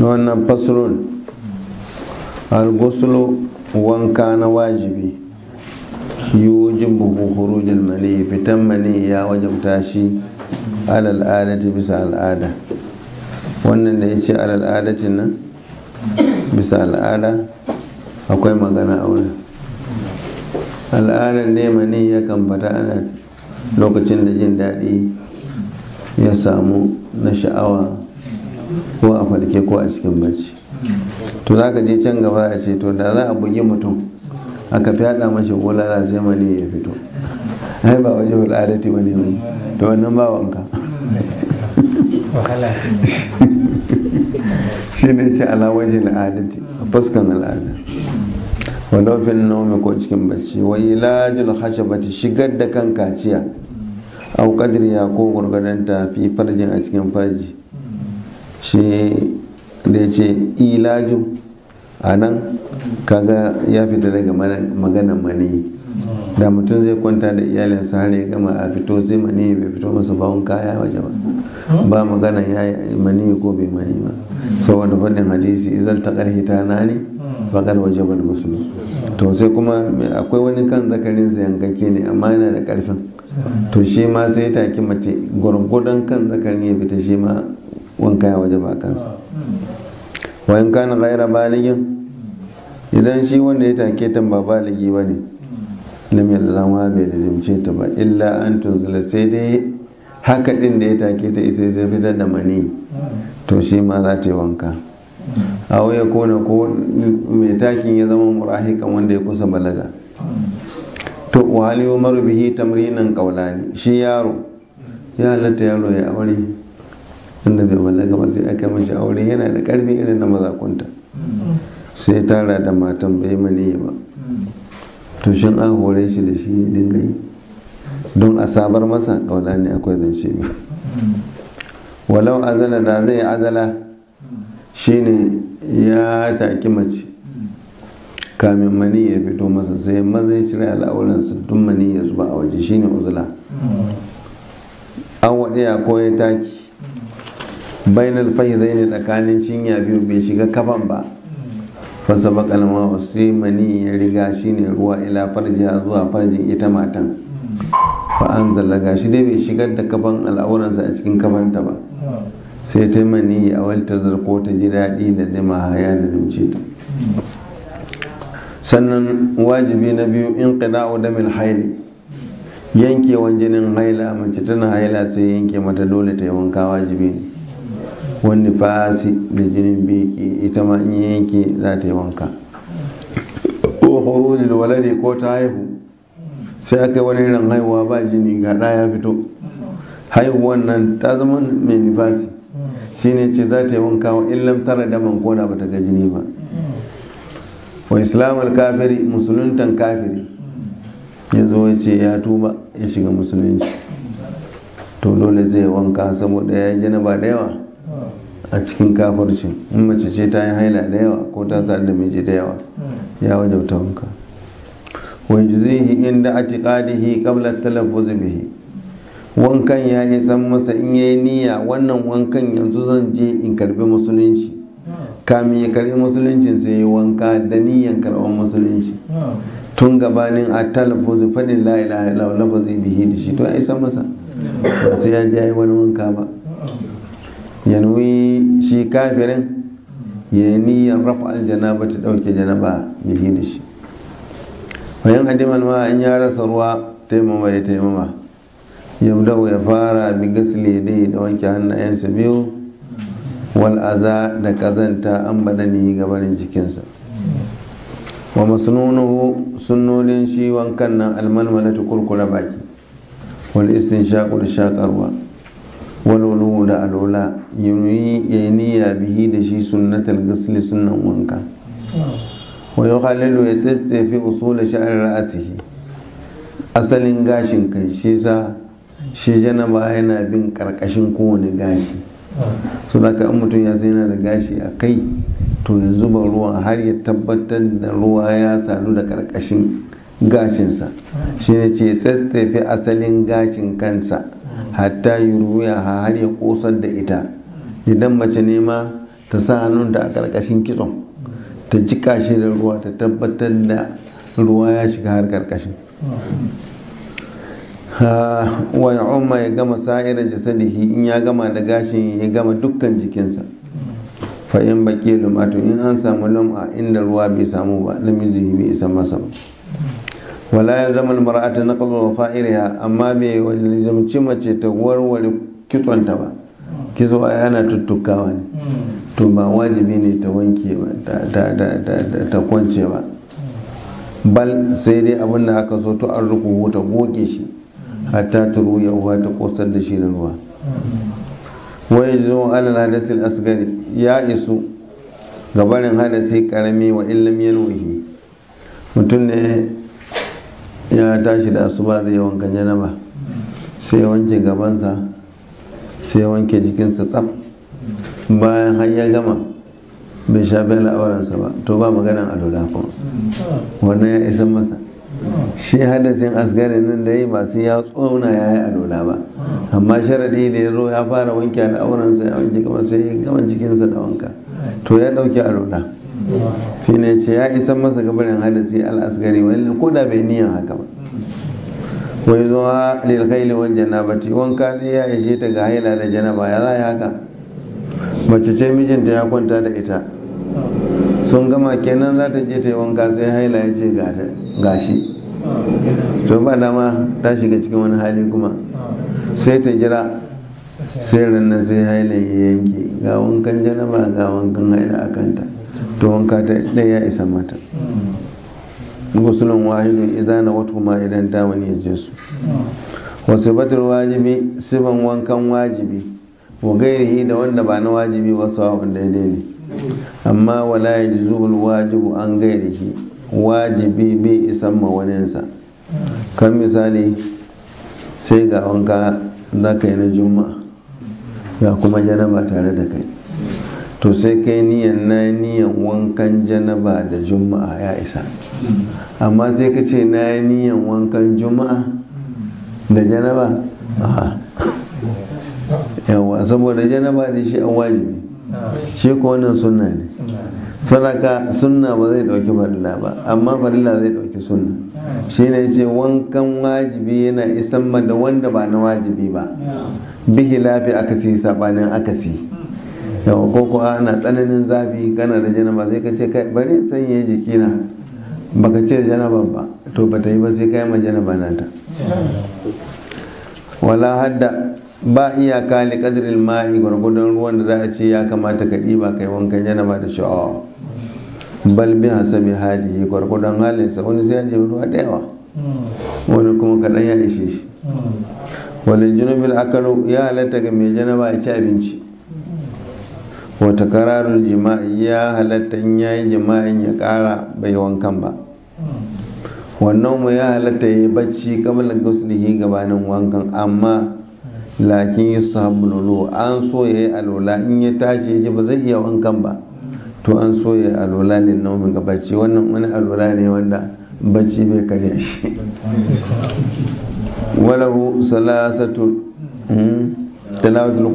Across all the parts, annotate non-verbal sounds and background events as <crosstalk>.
wannan fasulun al-guslu wanka na wajibi yujin buhu hurujin mani fitan mani ya wajabta shi alal al'adati bisa al'ada wannan da ya ce alal nan bisa al'ada akwai magana a wurin al'adar ne mani yakan fata ana lokacin da jin daɗi ya samu na sha'awa ko a falke ko a cikin bacci to za ka je can gaba a ce to da za a bugi mutum aka fi haɗa mashi wulala sai mani ya fito ai ba waje al'adati ba ne wani to wannan ba wanka <laughs> shi ne shi ala waje al'adati a fuskan al'ada walau fil naumi ko cikin bacci wa ilajul khashabati shigar da kan kaciya au qadriya ko gurgurdan fi farjin a cikin farji shi da ya ce ilaju a nan kaga ya fita daga maganan mani da mutum zai kwanta da iyalinsa har ya gama a fito sai mani bai fito masa bawon kaya waje ba ba magana ya yi mani ko bai mani ba saboda faɗin hadisi izal ta ƙarfi ta nani fagar waje ba gusulu to sai kuma akwai wani kan zakarin sa yankake ne amma yana da ƙarfin to shi ma sai take mace gwargwadon kan zakarin ya fita shi ma wanka ya waje ba kansa wayan kana ghaira baligin idan shi wanda ya take ta ba baligi ba ne lam yallama bai lazimce ta ba illa an tunzula sai dai haka din da ya take ta ita sai fitar da mani to shi ma za ta yi wanka a waya kona ko mai takin ya zama murahika wanda ya kusa balaga to wali umaru bihi tamrinan kaulani shi yaro ya halatta yaro ya aure wanda bai balaga gaba sai aka mashi aure yana da karfi irin na mazakunta sai tara da matan bai mani ba to shin an hore shi da shi dinga yi don a sabar masa kaula ne akwai zance ba walau azala da zai azala shine ya taki mace kamin mani ya fito masa sai maza ya cire su dun mani ya zuba a waje shine uzula an waɗe ya koya taki bainal fahidai ne tsakanin cinya biyu bai shiga kafan ba fasa bakalma wasu mani ya riga shi ne ruwa ila farjiya zuwa farjin ita matan fa an zallaga shi dai bai shigar da kafan al'auransa a cikin kafanta ba sai ta mani ya walta zarko ta ji daɗi da zima haya da zance ta sannan wajibi na biyu in qina'u mil haili yankewan jinin haila mace tana haila sai yanke mata dole ta yi wanka wajibi ne wani fasi da jinin biki ita ma in yanke za ta yi wanka ko horunil walade ko ta haihu sai aka yi wani ran haihuwa ba jini ga ɗaya ya fito haihuwan nan ta zama mai nifasi shine ce za ta yi wanka wa lamtara tara man man kona bata ga jini ba wa islamul kafiri musuluntan kafiri ya zo ya ce ya tuba ya shiga musulunci to dole zai wanka saboda ya yi ba da yawa a cikin kafircin in mace ce ta yi haila da yawa ko ta sadu da miji da yawa hmm. ya wajabta wanka wa yujzihi inda atiqadihi qabla talaffuz bihi wankan ya san masa in yi niyya wannan wankan yanzu zan je in karbi musulunci hmm. kamin ya karbi musuluncin sai yi wanka da niyyan karban musulunci hmm. tun gabanin a talaffuz fadin la'ila ya illallah lafazi bihi da shi to ya san masa ba sai ya je yayi wani wanka ba yanwi shi kafirin ya yi niyyar rafa ba ta ɗauke janaba yi da shi bayan hadiman ma in ya rasa ruwa taimama ya taimama ya dawo ya fara bi gasle dai da wanke hannayensa biyu wal aza da kazanta an badani gabanin jikinsa wa masnunuhu sunnonin shi wankan nan almalmalatu kurkura baki wal istinshaqu da shakarwa walwalo da alola ya yi niyya bihi da shi sunnatal gasli sunan wanka wa yau halilu ya tsatsefe usula sha'ar ra'asihi asalin gashin kai shi sa shi janaba yana bin karkashin kowane gashi so da ka mutum ya zaina da gashi a kai to ya zuba ruwa har ya tabbatar da ruwa ya sadu da karkashin gashinsa shi ne ce tsetsefi asalin gashin kansa hatta yi ruwa har ya kosar da ita idan mace nema ta sa hannun ta a ƙarƙashin kitson ta jika shi da ruwa ta tabbatar da ruwa ya shiga har ƙarƙashin wa ya umma ya gama sa'irar jasadihi in ya gama da gashin ya gama dukkan jikinsa fa'in baki lumatu in an samu lam'a inda ruwa bai samu ba namiji bai isa masa ba wala ya zama mara'ata na kalmar fa'iriya amma bai waljamci mace ta warware kitsonta ba kizo a yana tuttukawa ne to ba wajibi ne ta wanke ba ta kwance ba bal sai dai abin da aka so to an ruku ta goge shi hatta ta ruya uwa ta kosar da shi da ruwa wai zo alal hadasil asgari ya isu gabarin hadasi karami wa illam yanwihi mutum ne ya tashi da asuba zai wankan janaba sai wanke gabansa sai wanke jikinsa tsaf bayan har ya gama bai shafe la'auransa ba to ba maganan alola kuma wannan ya isan masa shi hadasin asgari nan da yi masu ya tsona ya yi alola ba amma sharadi da ya zo ya fara wanke al'auransa ya wanke kamar sai ya gaban jikinsa da wanka to ya dauki alola shine ce ya isan masa gabarin hadasi al-asgari wani ko da bai niyan haka ba wai zuwa lil khayli wal janabati wanka ne ya ishe ta ga haila da janaba ya zai haka mace ce mijinta ya kwanta da ita sun gama kenan za ta je ta yi wanka sai haila ya ce gashi to ba dama ta shiga cikin wani hali kuma sai ta jira sai ranar sai haila ya yanke ga wankan janaba ga wankan haila a kanta to wanka ta ɗaya ya isa mata gusulun wahidun idan na wata kuma idan ta wani ya je su wasu batar wajibi siban wankan wajibi wa gairihi da wanda ba na wajibi wasu wa'un daidai ne amma wala ya ji zuhul wajibu an gairihi wajibi bai isan ma waninsa kan misali sai ga wanka za ka na juma'a ga kuma janaba tare da kai to sai kai niyan na niyan wankan janaba da juma'a ya isa amma sai ka ce na niyan wankan juma'a da janaba yawa saboda janaba da shi an wajibi shi ko wannan sunna ne sadaka sunna ba zai dauki farilla ba amma farilla zai dauki sunna shi ne ce wankan wajibi yana isan da wanda ba na wajibi ba bihi lafi akasi sabanin akasi yawa ko kuwa ana tsananin zafi kana da janaba sai ka ce kai bari sanya jikina baka ce janaba ba to bata yi ba sai kai ma janaba nata wala hadda ba iyaka li kadril ma'i gwargwadon ruwan da za a ce ya kamata ka ɗiba kai wankan janaba da sha'awa bal bi hasabi hali gwargwadon halinsa wani sai ya ruwa da yawa wani kuma kaɗan ya ishe shi wani junubin akalu ya halatta ga mai janaba ya ci abinci wata kararun jima'i ya halatta in ya yi jima'in ya kara bai wankan ba wannan mu ya halatta ya yi bacci kamar gusulihi gabanin wankan amma lakin yi sahabu an so ya yi alola in ya tashi ya ji ba zai iya wankan ba to an so ya yi alola ne na ga bacci wannan wani alola ne wanda bacci bai karya shi walahu salasatu hmm, talawatul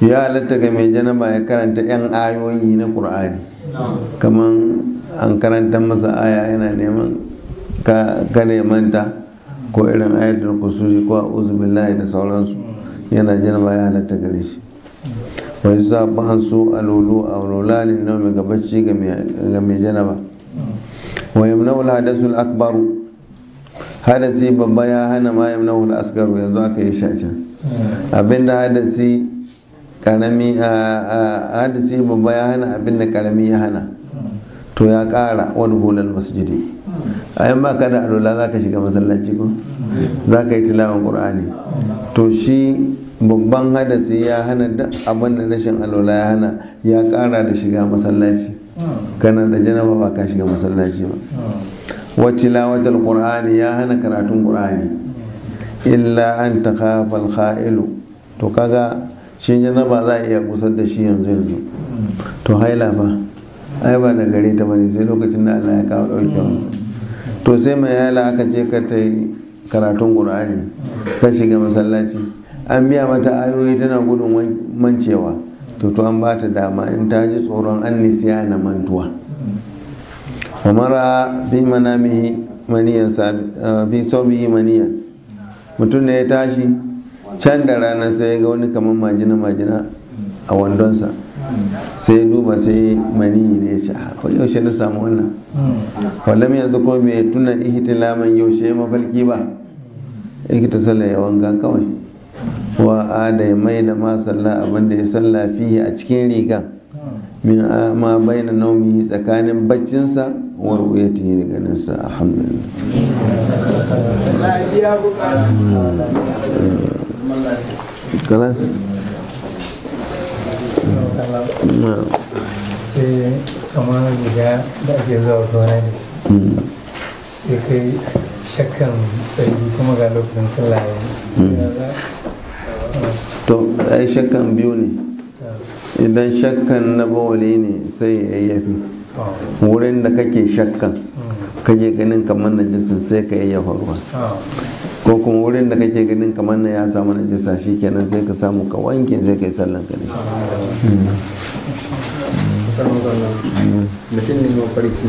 ya halatta ga mai janaba ya karanta 'yan ayoyi na ƙur'ani kamar an karanta masa aya yana neman ka neman manta ko irin ayatul kususi ko a'udhu da sauransu yana janaba ya halatta gare shi wa yusa ban alulu a rulani na mai gabaci ga mai janaba wa wula hadasul akbaru hadasi babba ya hana ma wula asgaru yanzu aka yi a can. abinda hadasi karami hadisi babba ya hana abin da karami ya hana to ya kara wani hulal masjidi a yan baka da alola za ka shiga masallaci ko za ka yi tilawan ƙur'ani. to shi babban hadasi ya hana abin da rashin alola ya hana ya kara da shiga masallaci kana da janaba ba ka shiga masallaci ba wa tilawatul qur'ani ya hana karatun ƙur'ani illa an takhafa al to kaga shi ba za a iya kusar da shi yanzu yanzu to haila fa ai ba da gare ta bane sai lokacin da Allah ya kawo wansa to sai mai yala aka ce ka ta yi karatun qur'ani ka shiga masallaci an biya mata ayoyi tana gudun mancewa to to an ba ta dama in ta ji tsoron an nisiya na mantuwa wa mara fi manamihi maniyan eh, bi maniyan mutum ne ya tashi can da rana sai ga wani kamar majina majina a wandonsa sai duba sai mani ne ya ce a ah, yaushe na samu wannan wallam yanzu ko bai tuna laman yaushe mafarki ba Ikita ta ya wanka kawai wa da ya mai da ma sallah abinda ya san fihi a cikin riga min ma bayyana naumi tsakanin baccinsa wa ru'yatihi da ganinsa alhamdulillah خلاص sai da ake zuwa gona hmm. sai kai shakkan kuma ga lokacin hmm. to ai shakkan biyu ne idan shakkan na bawali ne sai ya yayyafi wurin da kake shakkan hmm. kaje ganin kamar na jinsin sai ka yayyafa ruwa ko kuma wurin da kake ganin kamar na ya samu na jisa shi kenan sai ka samu ka wanke sai ka yi sallan ka ne mutum ne mafarki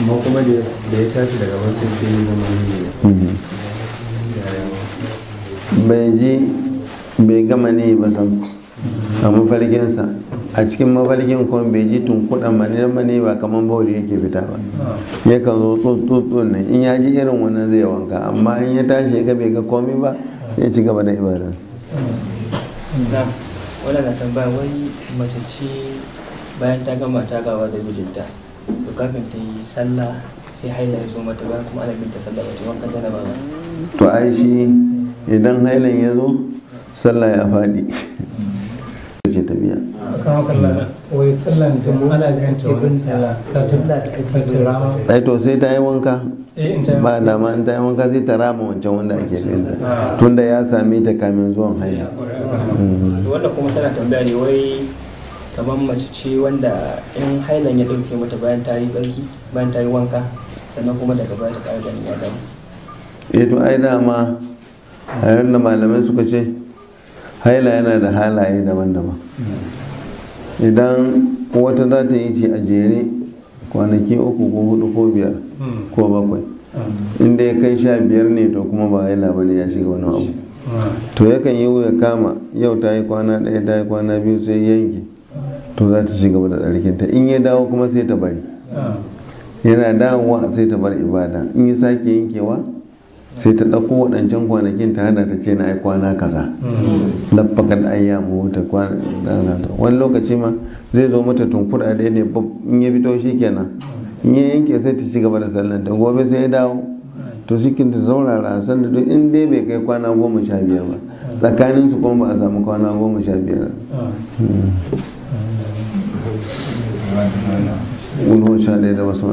amma kuma da ya tashi daga wancan ne bai ji bai gama ne ba sam a mafarkinsa a cikin mafarkin kuma bai ji tunkuɗa maniran mani ba kamar bauli yake fita ba ah. yakan zo tsuntsun nan in ya ji irin wannan zai wanka amma in ya tashi ya ga bai ga komai ba Ya ci gaba da ibadar wala na tambaya wai mace ce bayan ta gama ta gawa da mijinta to kafin ta yi sallah sai haila ya zo mata bayan kuma ana sallah ba ta wanka jana ba to ai shi idan hailan ya zo sallah ya faɗi ce tafiya ai to sai ta yi wanka eh, ba da ma ta yi wanka sai ta rama wancan wanda ake binta ah. tunda ya sami ta kamin zuwan haila ah, wanda kuma tana tambaya ne wai kamar mace ce wanda in hailan ya dauke mata bayan ta yi tsarki bayan ta yi wanka sannan kuma daga baya ta ƙara ganin ya damu Eto eh, to ai dama a yanda malamai suka ce haila yana da halaye daban-daban idan wata za ta yi ce a jere kwanaki uku ko hudu ko biyar ko bakwai inda ya kai sha biyar ne to kuma ba haila ba ne ya shiga wani abu to yakan yi ya kama yau ta yi kwana ɗaya ta yi kwana biyu sai yanki to za ta shiga da tsarkinta in ya dawo kuma sai ta bari yana dawowa sai ta bar ibada in ya sake yankewa sai ta ɗauko waɗancan kwanakin ta hada ta ce na ai kwana kaza labbaka da ayyamu ta kwana wani lokaci ma zai zo mata tunkuɗa ɗaya ne in ya fito shi kenan in ya yanke sai ta ci gaba da sallan ta gobe sai ya dawo to kin ta saurara sallar duk in dai bai kai kwana goma sha biyar ba tsakanin su kuma ba a samu kwana goma sha biyar hmm. sha ɗaya da wasu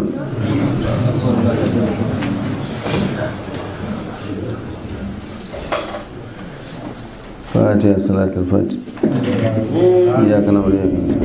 وآتي صلاة الفجر إياك نعبد وإياك نستعين